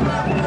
Thank you.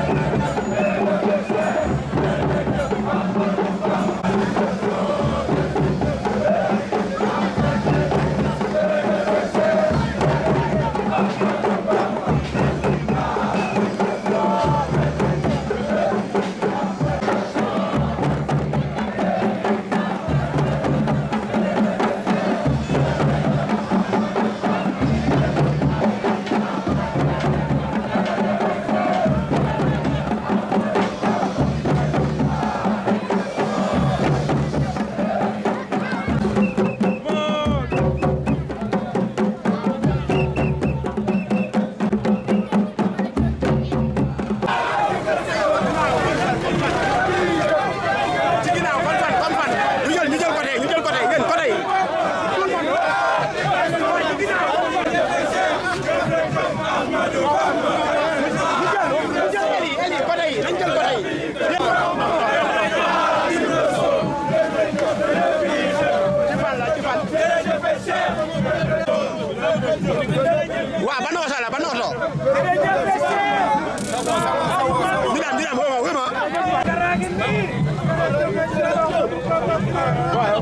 waaw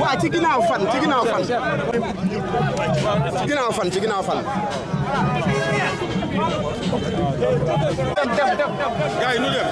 waaw ci ginnaaw fan ci ginnaaw fan ci ginnaaw fan ci ginnaaw fan dem dem dem gaay nu dem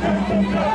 Thank you.